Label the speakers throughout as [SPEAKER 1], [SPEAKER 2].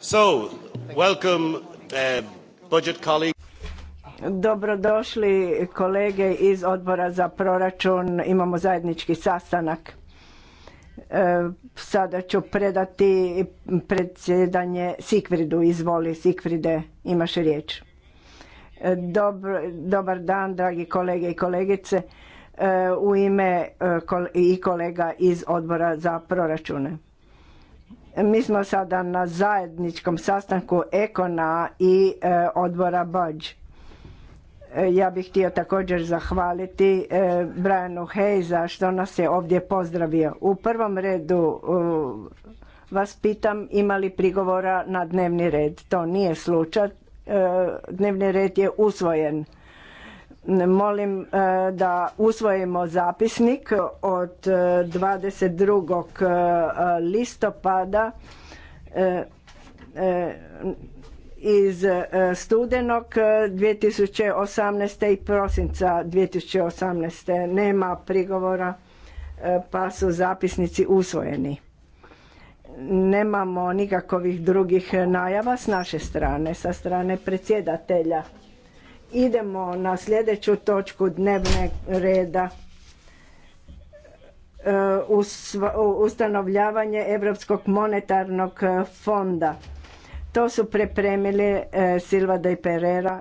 [SPEAKER 1] So, welcome, uh,
[SPEAKER 2] Dobrodošli kolege iz odbora za proračun. Imamo zajednički sastanak. E, sada ću predati predsjedanje Sikvridu. Izvoli Sikvride, imaš riječ. E, dobar dan, dragi kolege i kolegice. E, u ime i kolega iz odbora za proračune. Mi smo sada na zajedničkom sastanku Ekona i e, odbora Budge. Ja bih htio također zahvaliti e, Brianu Hayza što nas je ovdje pozdravio. U prvom redu vas pitam ima li prigovora na dnevni red. To nije slučaj. E, dnevni red je usvojen. Molim e, da usvojimo zapisnik od 22. E, e, listopada iz studenog 2018. i prosinca 2018. Nema prigovora pa su zapisnici usvojeni. Nemamo nikakvih drugih najava s naše strane, sa strane predsjedatelja. Idemo na sljedeću točku dnevne reda. E, ustanovljavanje Europskog monetarnog e, fonda. To su prepremili e, Silva de Pereira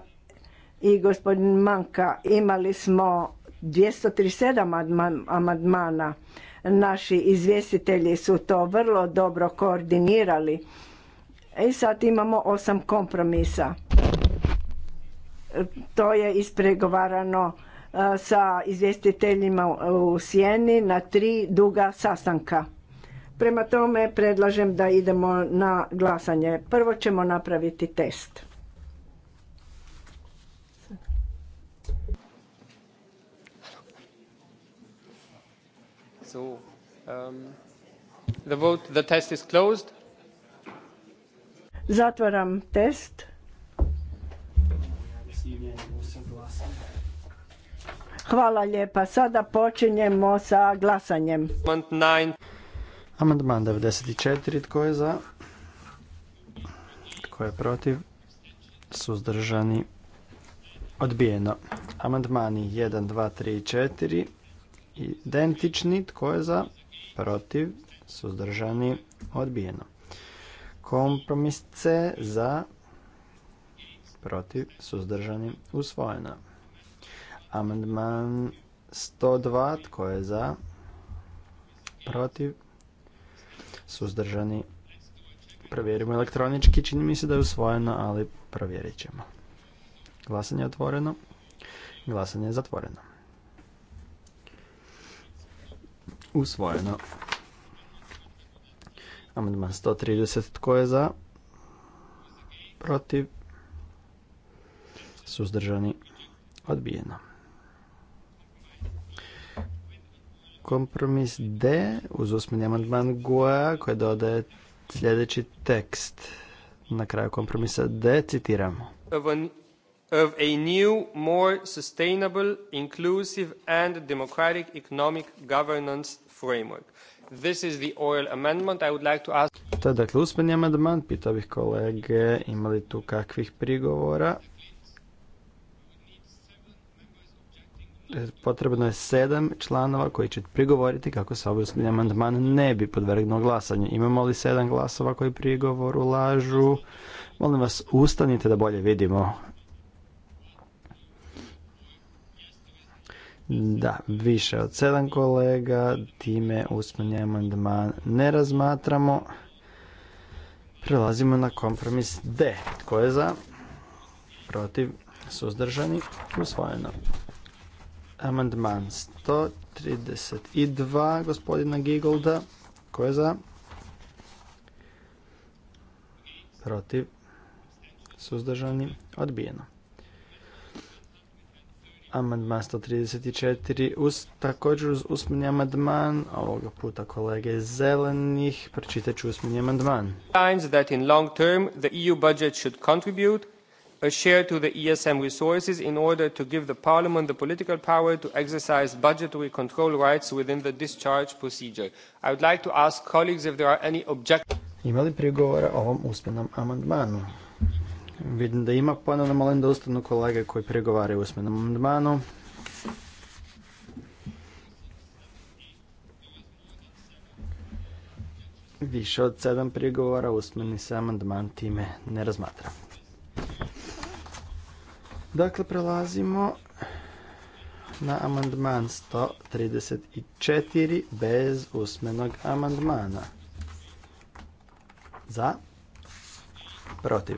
[SPEAKER 2] i gospodin Manka. Imali smo 237 amandmana. Naši izvjestitelji su to vrlo dobro koordinirali. I sad imamo osam kompromisa. To je ispregovarano e, sa izvjestiteljima u Sijeni na tri duga sastanka. Prema tome predlažem da idemo na glasanje. Prvo ćemo napraviti test.
[SPEAKER 3] So, um, the vote, the test is
[SPEAKER 2] Zatvaram test. Hvala lijepa. Sada počinjemo sa glasanjem. Amandman 94. Tko je
[SPEAKER 1] za? Tko je protiv? Suzdržani. Odbijeno. Amandmani 1, 2, 3 4. Identični. Tko je za? Protiv. Suzdržani. Odbijeno. Kompromis C za. Protiv. Suzdržani. Usvojeno. Amandman 102. Tko je za? Protiv? Suzdržani? Provjerimo elektronički. Čini mi se da je usvojeno, ali provjerit ćemo. Glasanje je otvoreno. Glasanje je zatvoreno. Usvojeno. Amandman 130. Tko je za? Protiv? Suzdržani? Odbijeno. Kompromis D uz usmeni amandman Goja koji dodaje sljedeći tekst. Na kraju kompromisa D citiramo.
[SPEAKER 3] Of a, of a new, more sustainable, inclusive and democratic economic governance framework. This is the oil amendment. I would like to ask...
[SPEAKER 1] To je dakle usmeni amandman. Pitao bih kolege imali tu kakvih prigovora. E, potrebno je sedam članova koji će prigovoriti kako se ovaj amandman ne bi podvrgnuo glasanje. Imamo li sedam glasova koji prigovor ulažu? Molim vas, ustanite da bolje vidimo. Da, više od sedam kolega, time usmeni amandman ne razmatramo. Prelazimo na kompromis D. Tko je za? Protiv? Suzdržani? Usvojeno. Amandman 132 gospodina Gigolda. Ko je za? Protiv. Suzdržani. Odbijeno. Amandman 134 uz, također uz usmeni amandman ovoga puta kolege zelenih pročitat ću usmeni amandman.
[SPEAKER 3] that in long term the EU budget should contribute a share to the ESM resources in order to give the Parliament the political power to exercise budgetary control rights within the discharge procedure. I would like to ask colleagues if there are any objections.
[SPEAKER 1] Ima li prigovora ovom usmenom amandmanu? Vidim da ima ponovno molim da ustanu kolege koji pregovaraju usmenom amandmanu. Više od sedam prigovora usmeni se amandman time ne razmatra. Dakle, prelazimo na amandman 134 bez usmenog amandmana. Za, protiv,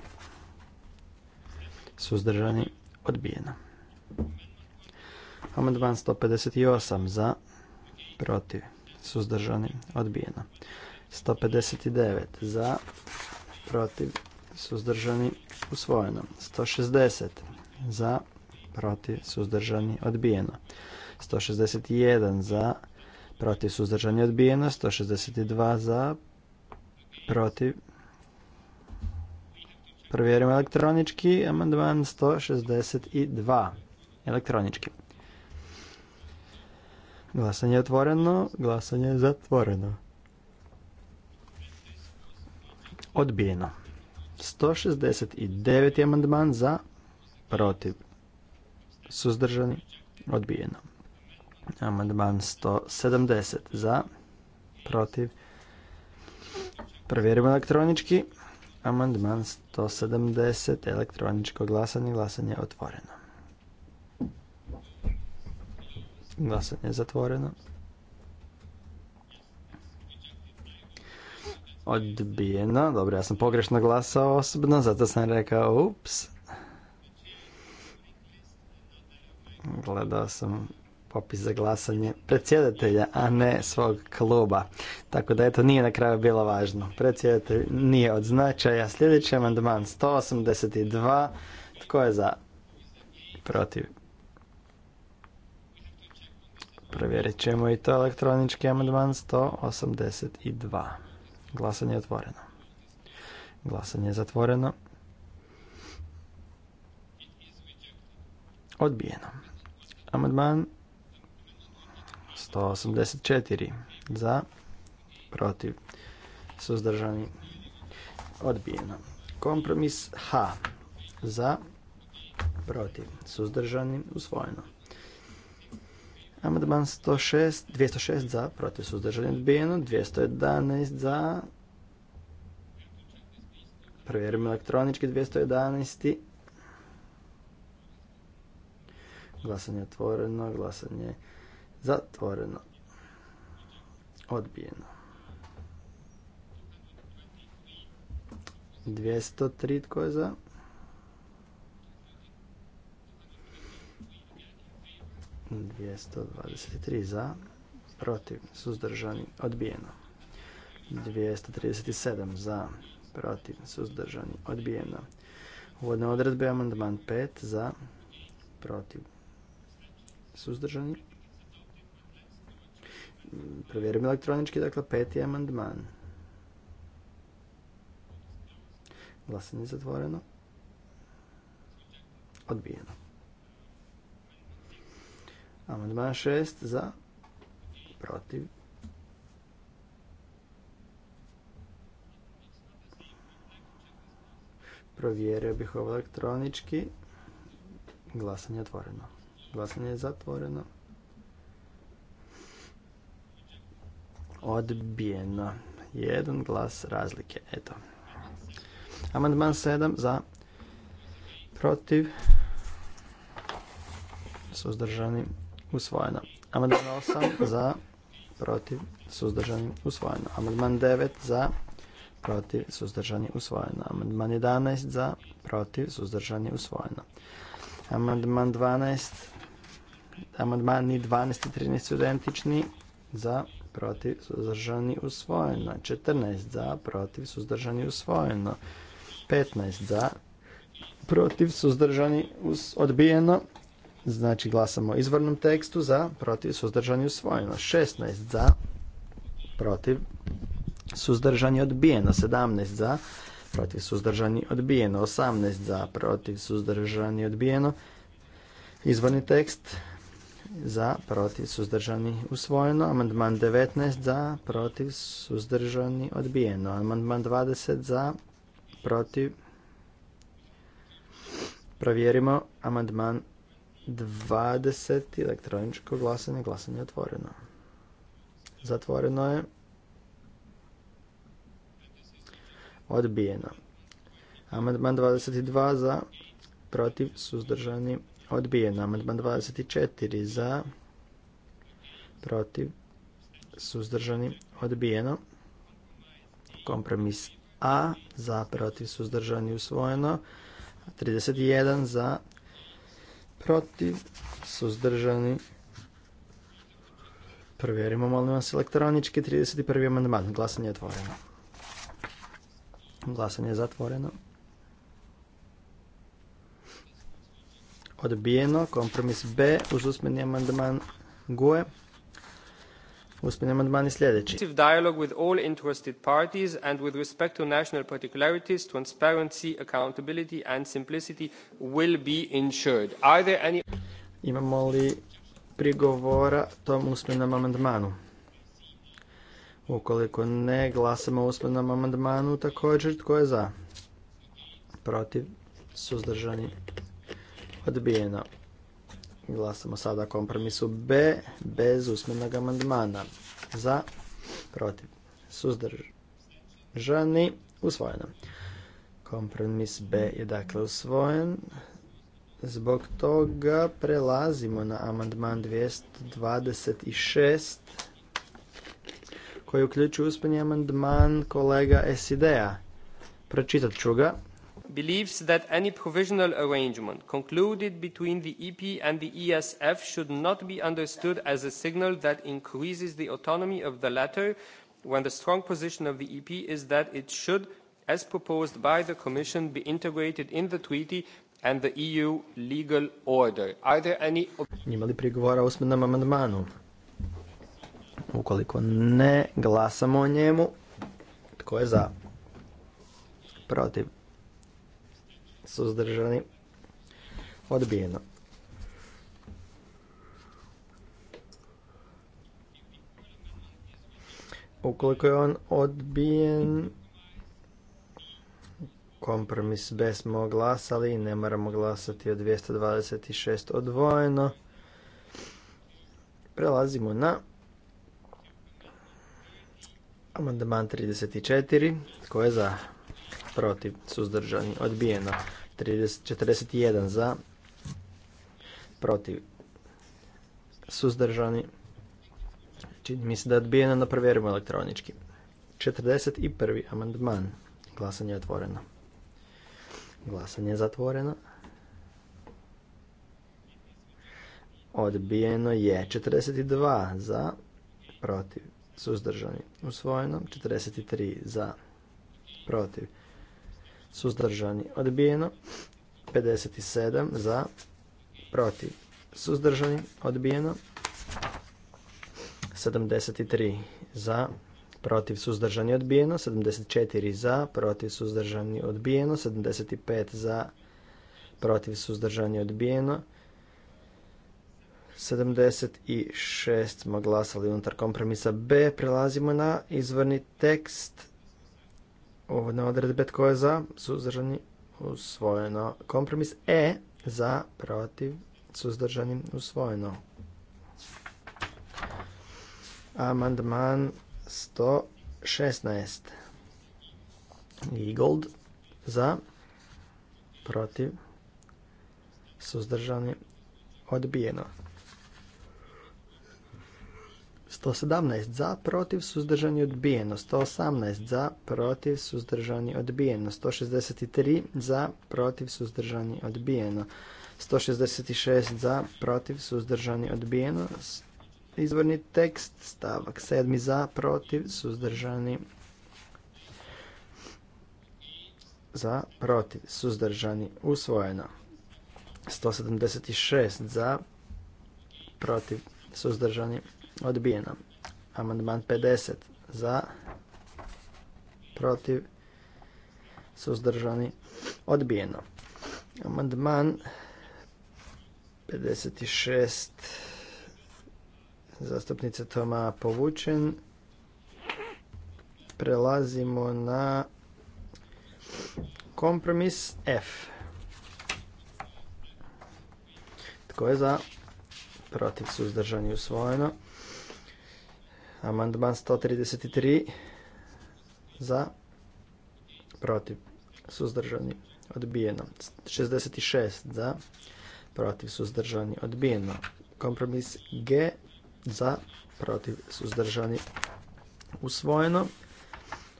[SPEAKER 1] suzdržani, odbijeno. Amandman 158 za, protiv, suzdržani, odbijeno. 159 za, protiv, suzdržani, usvojeno. 160 za, protiv, suzdržani, odbijeno. 161 za, protiv, suzdržani, odbijeno. 162 za, protiv. Provjerimo elektronički, amandman 162, elektronički. Glasanje je otvoreno, glasanje je zatvoreno. Odbijeno. 169. amandman za, protiv, suzdržani, odbijeno. Amandman 170 za, protiv, provjerimo elektronički. Amandman 170, elektroničko glasanje, glasanje je otvoreno. Glasanje je zatvoreno. Odbijeno, dobro, ja sam pogrešno glasao osobno, zato sam rekao ups. Gledao sam popis za glasanje predsjedatelja, a ne svog kluba. Tako da eto nije na kraju bilo važno. Predsjedatelj nije od značaja. Sljedeći amandman 182. Tko je za? Protiv. Provjerit ćemo i to elektronički amandman 182. Glasanje je otvoreno. Glasanje je zatvoreno. Odbijeno. Amandman 184 za, protiv, suzdržani, odbijeno. Kompromis H za, protiv, suzdržani, usvojeno. Amandman 106, 206 za, protiv, suzdržani, odbijeno. 211 za, provjerimo elektronički 211. Glasanje otvoreno, glasanje zatvoreno. Odbijeno. 203 tko je za? 223 za, protiv, suzdržani, odbijeno. 237 za, protiv, suzdržani, odbijeno. Uvodne odredbe, amandman 5 za, protiv, suzdržani. Provjerimo elektronički, dakle peti amandman. Glasanje zatvoreno. Odbijeno. Amandman šest za, protiv. Provjerio bih ovo elektronički. Glasanje je otvoreno. Glasanje je zatvoreno. Odbijeno. Jedan glas razlike. Eto. Amandman 7 za. Protiv. Suzdržani. Usvojeno. Amandman 8 za. Protiv. Suzdržani. Usvojeno. Amandman 9 za protiv, suzdržani, usvojeno. Amandman 11 za, protiv, suzdržani, usvojeno. Amandman 12. Amandmani 12 i 13 su identični. Za, protiv, suzdržani, usvojeno. 14 za, protiv, suzdržani, usvojeno. 15 za, protiv, suzdržani, odbijeno. Znači glasamo o izvornom tekstu za, protiv, suzdržani, usvojeno. 16 za, protiv, suzdržani, odbijeno. 17 za, protiv suzdržani odbijeno. 18 za, protiv suzdržani odbijeno. Izvorni tekst za, protiv suzdržani usvojeno. Amandman 19 za, protiv suzdržani odbijeno. Amandman 20 za, protiv Provjerimo amandman 20. Elektroničko glasanje. Glasanje je otvoreno. Zatvoreno je. odbijeno. Amandman 22 za, protiv, suzdržani, odbijeno. Amandman 24 za, protiv, suzdržani, odbijeno. Kompromis A za, protiv, suzdržani, usvojeno. 31 za, protiv, suzdržani, Provjerimo, molim vas, elektronički 31. amandman. Glasanje je otvoreno. Glasanje je zatvoreno. Odbijeno. Kompromis B uz usmeni amandman GUE. Usmeni amandman je sljedeći.
[SPEAKER 3] dialogue with all interested parties and with respect to national particularities, transparency, accountability and simplicity will be ensured.
[SPEAKER 1] Imamo li prigovora tom usmenom amandmanu? Ukoliko ne glasamo o usmenom amandmanu, također tko je za? Protiv? Suzdržani? Odbijeno. Glasamo sada kompromisu B bez usmenog amandmana. Za? Protiv? Suzdržani? Usvojeno. Kompromis B je dakle usvojen. Zbog toga prelazimo na amandman 226 koji uključuje uspjeni amandman kolega sid Pročitat ću ga.
[SPEAKER 3] Believes that any provisional arrangement concluded between the EP and the ESF should not be understood as a signal that increases the autonomy of the latter when the strong position of the EP is that it should, as proposed by the Commission, be integrated in the treaty and the EU legal order. Are there any...
[SPEAKER 1] prigovora o usmenom amandmanu? Ukoliko ne, glasamo o njemu. Tko je za? Protiv. Suzdržani. Odbijeno. Ukoliko je on odbijen, kompromis bez smo glasali, ne moramo glasati od 226 odvojeno. Prelazimo na Amandman 34. Tko je za? Protiv. Suzdržani. Odbijeno. 30, 41 za. Protiv. Suzdržani. Čini mi se da je odbijeno, na provjerimo elektronički. 41. amandman. Glasanje je otvoreno. Glasanje je zatvoreno. Odbijeno je 42 za, protiv suzdržani, usvojeno, 43 za, protiv, suzdržani, odbijeno, 57 za, protiv, suzdržani, odbijeno, 73 za, protiv, suzdržani, odbijeno, 74 za, protiv, suzdržani, odbijeno, 75 za, protiv, suzdržani, odbijeno, 76 smo glasali unutar kompromisa B. Prelazimo na izvorni tekst. na odredbe tko je za, suzdržani, usvojeno. Kompromis E za, protiv, suzdržanim usvojeno. Amandman 116. Igold za, protiv, suzdržani, odbijeno. 117 za, protiv, suzdržani, odbijeno. 118 za, protiv, suzdržani, odbijeno. 163 za, protiv, suzdržani, odbijeno. 166 za, protiv, suzdržani, odbijeno. Izvorni tekst, stavak 7 za, protiv, suzdržani, za, protiv, suzdržani, usvojeno. 176 za, protiv, suzdržani, Odbijeno. Amandman 50 za, protiv, suzdržani, odbijeno. Amandman 56 zastupnice Toma povučen. Prelazimo na kompromis F. Tko je za? Protiv suzdržani usvojeno. Amandman 133 za, protiv, suzdržani, odbijeno. 66 za, protiv, suzdržani, odbijeno. Kompromis G za, protiv, suzdržani, usvojeno.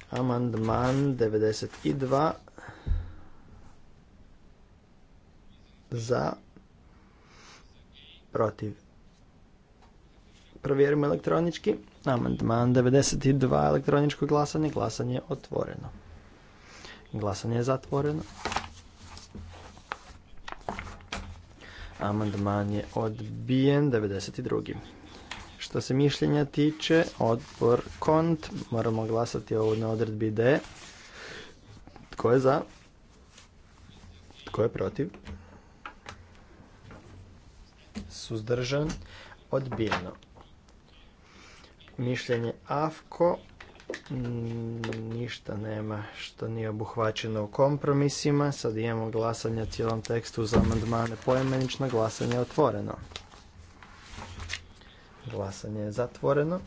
[SPEAKER 1] Amandman 92 za, protiv, Provjerimo elektronički. Amandman 92 elektroničko glasanje. Glasanje je otvoreno. Glasanje je zatvoreno. Amandman je odbijen 92. Što se mišljenja tiče, odbor kont. Moramo glasati ovo na odredbi D. Tko je za? Tko je protiv? Suzdržan. Odbijeno mišljenje AFKO. Mm, ništa nema što nije obuhvaćeno u kompromisima. Sad imamo glasanje cijelom tekstu za amandmane poimenično. Glasanje je otvoreno. Glasanje je zatvoreno.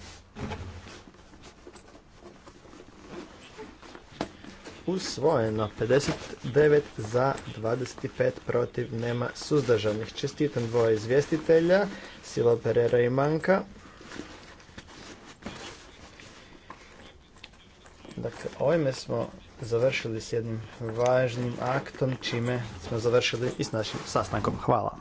[SPEAKER 1] Usvojeno 59 za 25 protiv nema suzdržanih. Čestitam dvoje izvjestitelja, Silo Perera i Manka. Ovime smo završili s jednim važnim aktom, čime smo završili i s našim sastankom. Hvala.